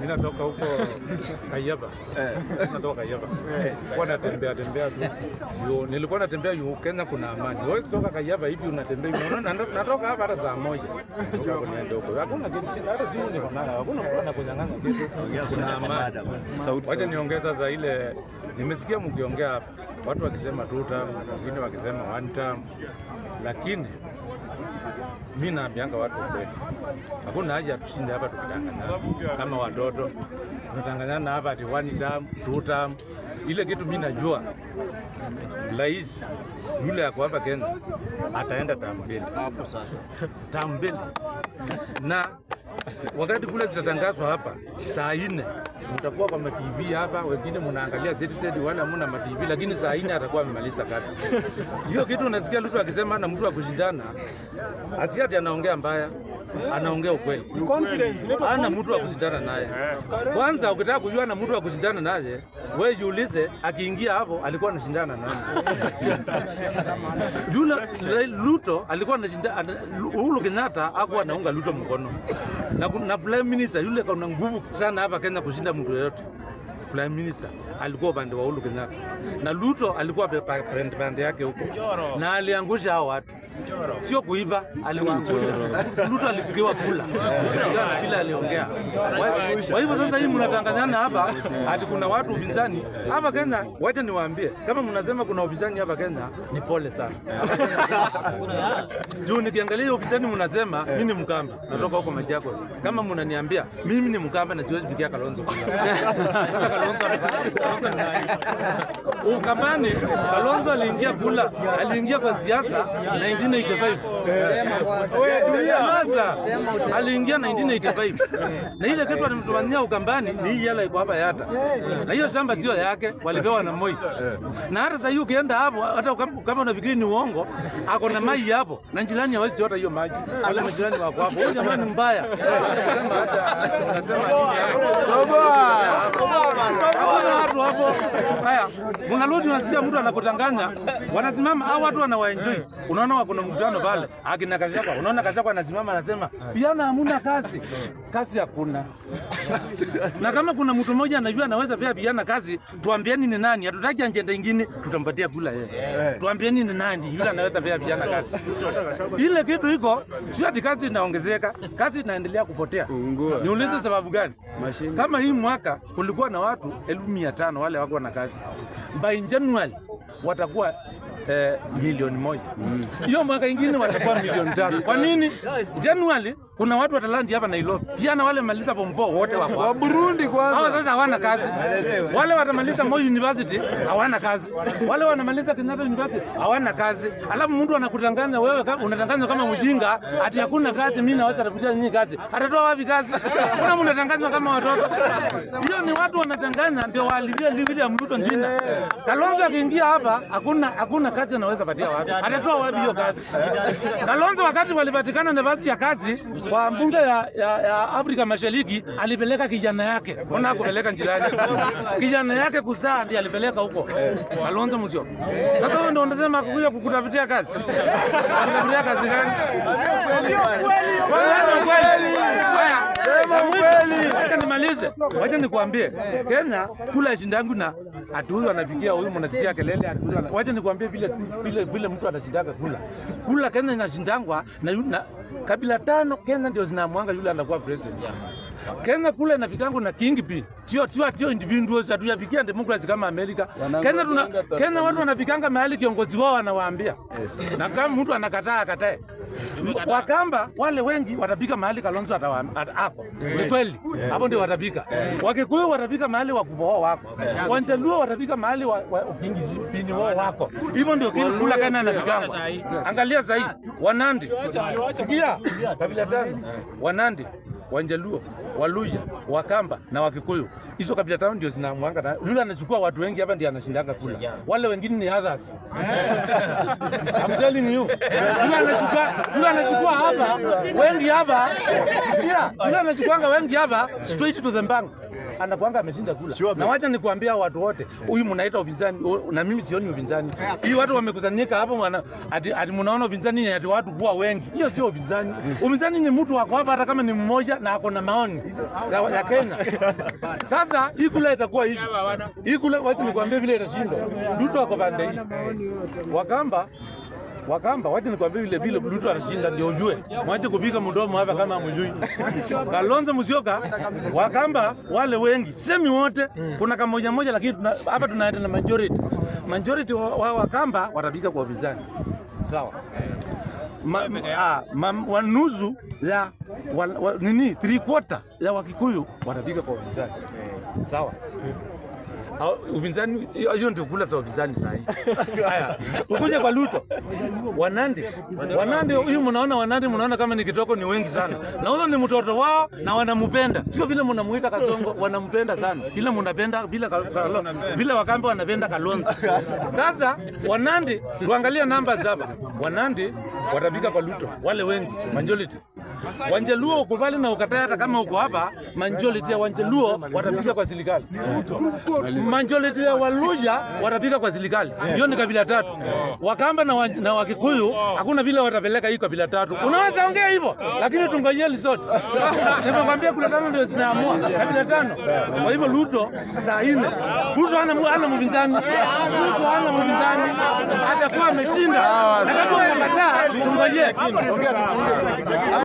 Ninatoka huko Kaiyaba. Ninatoka Kayaba, Kwa natembea tembea tu. Yo, nilikuwa natembea yu Kenya kuna amani. Wewe kutoka Kayaba hivi unatembea hivi. Unaona natoka hapa hata saa moja. Kuna ndogo. Hakuna kitu chini hata simu niko nayo. Hakuna mtu anakunyang'anya kitu. Kuna amani. Sauti. Wacha niongeza za ile nimesikia mkiongea hapa. Watu wakisema two term, wengine wakisema one term. Lakini mi naambianga watu ukweli, hakuna haja tushinde hapa tukidanganyana kama watoto na hapa ati one term, two term. Ile kitu mi najua rais yule ako hapa Kenya ataenda term hapo sasa, term na wakati kule zitatangazwa hapa saa nne mtakuwa kwa matv hapa, wengine munaangalia ZTZ wala muna matv, lakini saa nne atakuwa amemaliza kazi hiyo. Kitu unasikia Lutu akisema na mtu akushindana, asiati anaongea mbaya anaongea ukweli, ana mtu wa kushindana naye. Kwanza ukitaka kujua na mtu wa kushindana naye, wewe jiulize, akiingia hapo alikuwa anashindana nani? Juna Ruto alikuwa anashindana, Uhuru Kenyatta akuwa anaunga Ruto mkono, na, na prime minister yule kuna nguvu sana hapa Kenya kushinda mtu yoyote prime minister alikuwa upande wa Uhuru Kenyatta na Ruto alikuwa pande yake huko, na aliangusha hao watu sio kuiba. Ruto alipigiwa kula bila aliongea. Kwa hivyo sasa hii mnatangazana hapa ati kuna watu upinzani hapa Kenya. Wacha niwaambie, kama mnasema kuna upinzani hapa Kenya ni pole sana juu nikiangalia upinzani mnasema mimi ni Mkamba, natoka huko Machakos. Kama mnaniambia mimi ni Mkamba na siwezi pigia Kalonzo Ukambani, Kalonzo aliingia kula, aliingia kwa siasa na ingine 85 aliingia 1985 na ile kitu alimtumania Ukambani ni hii hela iko hapa Yata, na hiyo shamba sio yake, walipewa na Moi. Na hata sasa hiyo ukienda hapo, hata kama unafikiri ni uongo, ako na maji hapo na jirani hawezi chota hiyo maji, wale majirani wako hapo. Huyo jamaa mbaya, unasema nini? hapo. Haya, kuna mnarudi unasikia mtu anakutanganya, wanasimama au watu wanawaenjoy. Unaona wako na mkutano pale, akina Kashaka, unaona Kashaka anasimama anasema vijana hamuna kazi, kazi hakuna. na kama kuna mtu mmoja anajua anaweza pia vijana kazi, tuambieni ni nani, hatutaki ajenda ingine, tutampatia kula yeye. Tuambieni ni nani yule anaweza pia vijana kazi. Ile kitu iko sio ati kazi inaongezeka, kazi inaendelea kupotea. Niulize sababu gani? Kama hii mwaka kulikuwa na watu elfu mia tano wale wako na kazi by January watakuwa eh, milioni moja mm. hiyo mm. mwaka ingine watakuwa milioni tano. Kwa nini? Januari kuna watu watalandi hapa Nairobi, na wale maliza pompo wote wako kwa Burundi kwanza. Hao sasa hawana kazi, wale watamaliza Moi University hawana kazi, wale wanamaliza Kenyatta University hawana kazi. Alafu mtu anakutangaza wewe, unatangazwa kama mjinga ati hakuna kazi, mimi nawacha tafutia nyinyi kazi. Atatoa wapi kazi? Kuna mtu anatangazwa kama watoto. Hiyo ni watu wanatangazwa ndio walivia livili ya Ruto jina. Eh. Kalonzo akiingia hapa hakuna hakuna kazi anaweza patia wapi? Atatoa wapi hiyo kazi? Kalonzo wakati walipatikana nafasi ya kazi kwa mbunge ya, ya, ya Afrika Mashariki alipeleka kijana yake, mbona akupeleka njirani kijana yake kuzaa ndiye alipeleka huko Kalonzo mzio. Sasa wewe ndio unasema kukuja kukutafutia kazi, kukutafutia kazi gani? Wacha nimalize, wacha nikuambie, Kenya kula ishindangu na ati huyu anapikia huyu, mnasikia kelele. Wacha nikwambie vile vile vile mtu anashindaga kula kula. Kenya inashindangwa na, na kabila tano Kenya ndio zinamwanga yule anakuwa president. Kenya kule inapikangu na kingpin, tio tio tio individuals. Hatujapikia democracy kama Amerika. Kenya tuna Kenya watu wanapikanga mahali kiongozi wao anawaambia, na kama mtu anakataa akatae. Wakamba wale wengi watapika mahali Kalonzo atawaambia hapo, ni kweli hapo ndio watapika. Wakikuyu watapika mahali wakubwa wao wako, Wanjaluo watapika mahali wa kingpin wao wako. Hivyo ndio kile kula Kenya anapikanga. Angalia zaidi Wanandi, sikia kabila tano eh. Wanandi Wanjaluo, Waluja, Wakamba na Wakikuyu. Hizo kabila tano ndio zinamwanga na yule anachukua watu wengi hapa ndio anashindaga kula. Wale wengine ni others. I'm telling you. Yule anachukua, yule anachukua hapa wengi hapa. Yule anachukua wengi hapa straight to the bank anakuanga ameshinda kula sure, na wacha nikuambia watu wote, huyu mnaita upinzani na mimi sioni upinzani hii. Watu wamekusanyika hapo ati mnaona upinzani ati watu kuwa wengi, hiyo sio upinzani. Upinzani ni mtu wako hapa, hata kama ni mmoja na ako na maoni ya Kenya. Sasa hii kula itakuwa hivi, hii kula wacha nikuambie vile itashindwa. Ruto ako pande hii, Wakamba Wakamba, wacha nikwambie vile vile Ruto anashinda ndio ujue. Mwache kubika mdomo hapa kama hamjui. Kalonzo Musyoka, Wakamba wale wengi, semi wote, kuna kama moja moja lakini hapa tunaenda na majority. Majority wa, Wakamba watabika kwa vizani. Sawa. Ma, ma, ah, ma, wanuzu ya wa, wa, nini three quarter ya Wakikuyu watabika kwa vizani. Sawa upinzani, hiyo ndio kula za upinzani saa hii. Haya, ukuje kwa Luto Wanandi, Wanandi huyu mnaona, Wanandi mnaona kama ni kitoko, ni wengi sana, na huyo ni mtoto wao na wanampenda, sio vile mnamuita Kasongo, wanampenda sana, bila mnapenda bila bila wakambe wanapenda Kalonzo. Sasa Wanandi, tuangalie namba hapa, Wanandi watapika kwa Luto, wale wengi majority Wanjaluo ukubali na ukataa, hata kama uko hapa, majority ya Wanjaluo watapiga kwa serikali, majority ya Waluja watapiga kwa serikali. Hiyo ni kabila tatu, Wakamba na, na Wakikuyu hakuna vile watapeleka hii kabila tatu. Unaweza ongea hivyo, lakini tungojee lisoti. Nimekwambia kuna tano ndio zinaamua kabila tano. Kwa hivyo Ruto saa hii Ruto hana mpinzani, Ruto hana mpinzani, atakuwa ameshinda. Atakapokataa tungojee.